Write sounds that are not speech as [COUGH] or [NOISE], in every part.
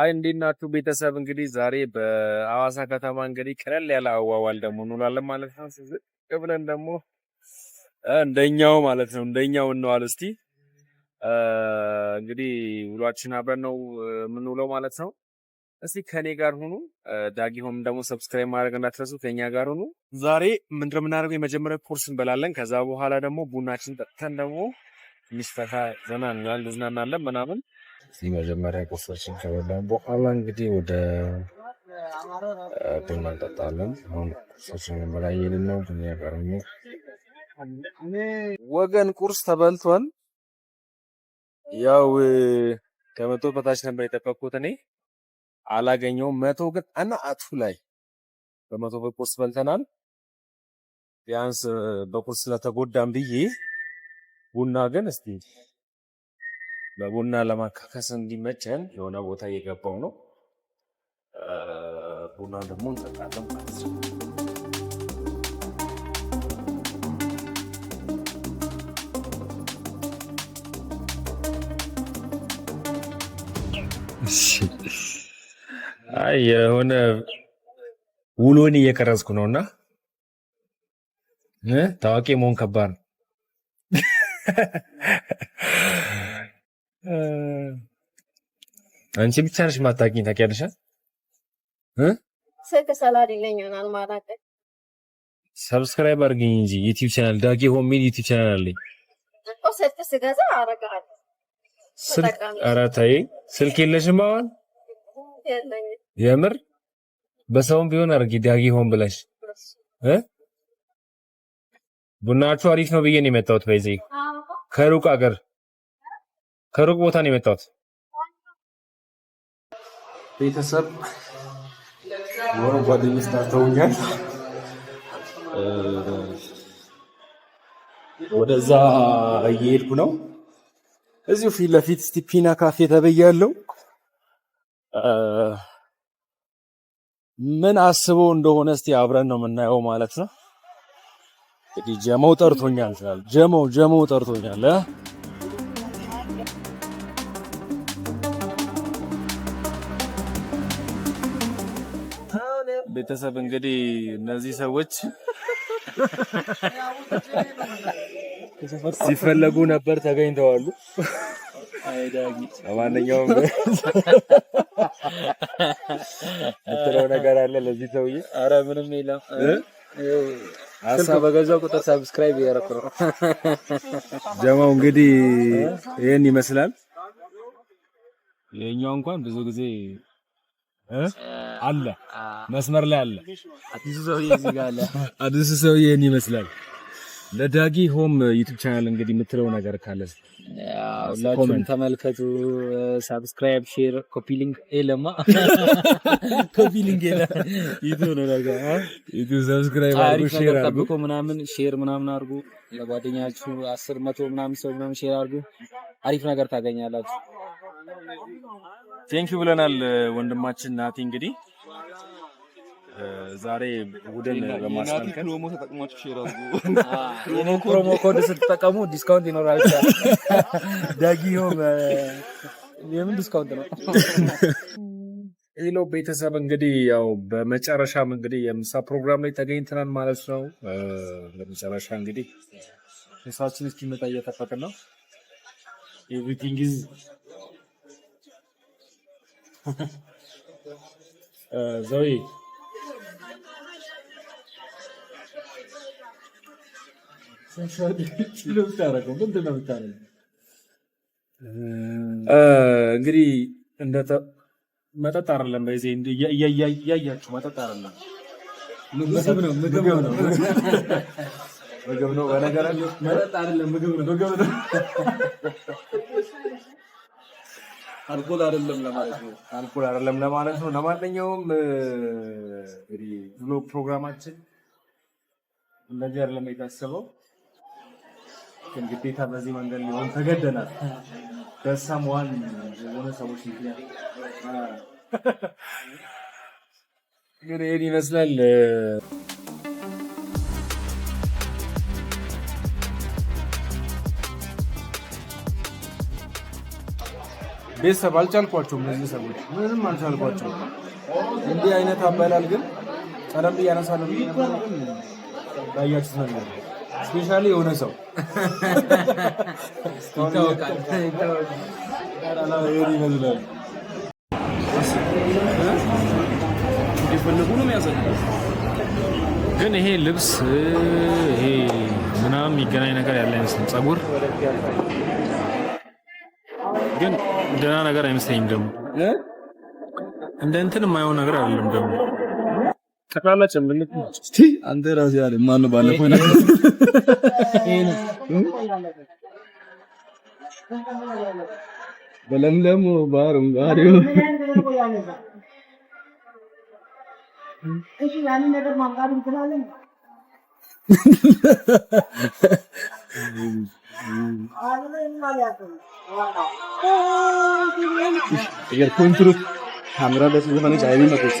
አይ እንዴት ናችሁ ቤተሰብ? እንግዲህ ዛሬ በአዋሳ ከተማ እንግዲህ ቀለል ያለ አዋዋል ደግሞ እንውላለን ማለት ነው። ዝቅ ብለን ደግሞ እንደኛው ማለት ነው እንደኛው እንዋል እስቲ። እንግዲህ ውሏችን አብረን ነው የምንውለው ማለት ነው። እስቲ ከኔ ጋር ሁኑ። ዳጊ ሆም ደግሞ ሰብስክራይብ ማድረግ እንዳትረሱ፣ ከኛ ጋር ሁኑ። ዛሬ ምንድን ነው የምናደርገው? የመጀመሪያ ኮርስ እንበላለን። ከዛ በኋላ ደግሞ ቡናችን ጠጥተን ደግሞ ሚስተካ ፈታ ዘና እንላለን፣ ልዝናናለን ምናምን። መጀመሪያ ቁርሳችን ከበላን በኋላ እንግዲህ ወደ ቡና እንጠጣለን። አሁን ቁርሳችን በላ እየሄድን ነው። ቡና ያቀርሙ ወገን ቁርስ ተበልቷል። ያው ከመቶ በታች ነበር የጠበቅኩት እኔ አላገኘውም። መቶ ግን እና አቱ ላይ በመቶ በቁርስ በልተናል። ቢያንስ በቁርስ ስለተጎዳም ብዬ ቡና ግን እስቲ በቡና ለማካከስ እንዲመቸን የሆነ ቦታ እየገባው ነው። ቡና ደግሞ እንጠጣለን ማለት ነው። አይ የሆነ ውሎን እየቀረጽኩ ነው እና ታዋቂ መሆን ከባድ ነው። [LAUGHS] አንቺ ብቻ ነሽ ማታውቂኝ ታውቂያለሽ። ስልክ ስላሌለኝ ይሆናል ማላውቅ። ሰብስክራይብ አድርገኝ እንጂ ዩቲዩብ ቻናል ዳጊ ሆም ሜድ ዩቲዩብ ቻናል አለኝ እኮ። ስልክ ስገዛ አደርግሃለሁ። ስልክ ኧረ ተይ፣ ስልክ የለሽም አሁን? የምር በሰውም ቢሆን አድርጌ ዳጊ ሆም ብለሽ እ ቡናችሁ አሪፍ ነው ብዬ ነው የመጣሁት። በዚህ ከሩቅ አገር ከሩቅ ቦታ ነው የመጣሁት። ቤተሰብ ወሮ ጓደኞች ጠርተውኛል። ወደዛ እየሄድኩ ነው። እዚሁ ፊት ለፊት ስቲፒና ካፌ ተበያለው። ምን አስበው እንደሆነ እስቲ አብረን ነው የምናየው ማለት ነው። እንግዲህ ጀመው ጠርቶኛል ስላል ጀመው ጀመው ጠርቶኛል። ቤተሰብ እንግዲህ እነዚህ ሰዎች ሲፈለጉ ነበር፣ ተገኝተዋሉ። ለማንኛውም የምትለው ነገር አለ ለዚህ ሰውዬ? አረ ምንም የለም። ሀሳብ በገዛው ቁጥር ሰብስክራይብ እያደረኩ ነው። ጀማው እንግዲህ ይህን ይመስላል። የኛው እንኳን ብዙ ጊዜ አለ መስመር ላይ አለ። አዲሱ ሰውዬ ይሄን ይመስላል። ለዳጊ ሆም ዩቲዩብ ቻናል እንግዲህ የምትለው ነገር ካለ ሁላችሁም ተመልከቱ። ሳብስክራይብ፣ ሼር፣ ኮፒሊንግ ሊንክ የለማ ኮፒ ሊንክ የለ ዩቲዩብ ነው ነገር ዩቲዩብ ሰብስክራይብ አድርጉ፣ ሼር አድርጉ ምናምን ሼር ምናምን አድርጉ። ለጓደኛችሁ አስር መቶ ምናምን ሰው ምናምን ሼር አድርጉ። አሪፍ ነገር ታገኛላችሁ። ቴንክ ዩ ብለናል ወንድማችን ናቲ እንግዲህ ዛሬ ቡድን በማስጠንቀቅ ፕሮሞ ተጠቅማችሁ ሼር አድርጉ። [LAUGHS] ፕሮሞ ኮድ ስትጠቀሙ ዲስካውንት ይኖራል። [LAUGHS] ዳጊዮም የምን ዲስካውንት ነው? ሌላው [LAUGHS] ቤተሰብ እንግዲህ ያው በመጨረሻም እንግዲህ የምሳ ፕሮግራም ላይ ተገኝተናል ማለት ነው። በመጨረሻ እንግዲህ ምሳችን እስኪመጣ እየጠበቅን ነው። ኤቭሪቲንግ ኢዝ ዘዊ [LAUGHS] እንግዲህ መጠጥ አይደለም፣ በዚህ እያያችሁ መጠጥ አይደለም፣ ምግብ ነው። ምግብ ነው። ምግብ ነው። መጠጥ አይደለም፣ ምግብ ነው። ምግብ ነው። አልኮል አይደለም ለማለት ነው። አልኮል አይደለም ለማለት ነው። ለማንኛውም እንግዲህ ፕሮግራማችን ነገር አይደለም ግን ግዴታ በዚህ መንገድ ሊሆን ተገደናል። ዋን የሆነ ሰዎች ምክንያት ግን ይህን ይመስላል። ቤተሰብ አልቻልኳቸውም። እነዚህ ሰዎች ምንም አልቻልኳቸውም። እንዲህ አይነት አባላል ግን ቀደም ብዬ አነሳለሁ ላያችሁት ስፔሻሊ የሆነ ሰው ይመስላል ነው ግን ይሄ ልብስ ይሄ ምናምን የሚገናኝ ነገር ያለ አይመስልም። ግን ደህና ነገር አይመስለኝም። ደግሞ እንደ እንትን የማይሆን ነገር አይደለም ደግሞ ጠቅላላ ጭምልት አንተ ራስህ ያለ ማነው? ባለፈው ነው በለምለሙ በአረንጓዴው ካሜራ ደስ ዘፈነች አይኔ መጥቼ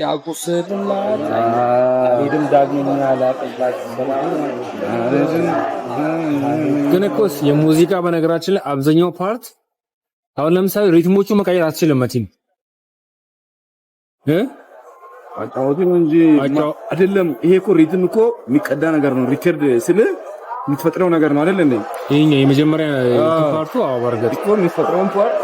ያቁስልላት ዳግመኛ ግን እኮ የሙዚቃ በነገራችን ላይ አብዛኛው ፓርት አሁን ለምሳሌ ሪትሞቹ መቀየር አትችልም። መቲም አጫወቱን እንጂ አይደለም። ይሄ እኮ ሪትም እኮ የሚቀዳ ነገር ነው። ሪከርድ ስል የምትፈጥረው ነገር ነው አይደል? እንዴ ይሄኛ የመጀመሪያ ፓርቱ አዎ፣ በርግጥ እኮ የምትፈጥረውን ፓርት